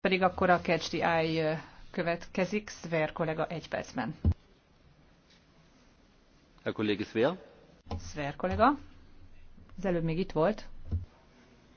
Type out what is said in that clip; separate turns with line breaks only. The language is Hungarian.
Pedig akkor a Catch the Eye következik, Sver kollega egy percben.
Herr Kollege Sver.
Sver kollega. Az előbb még itt volt.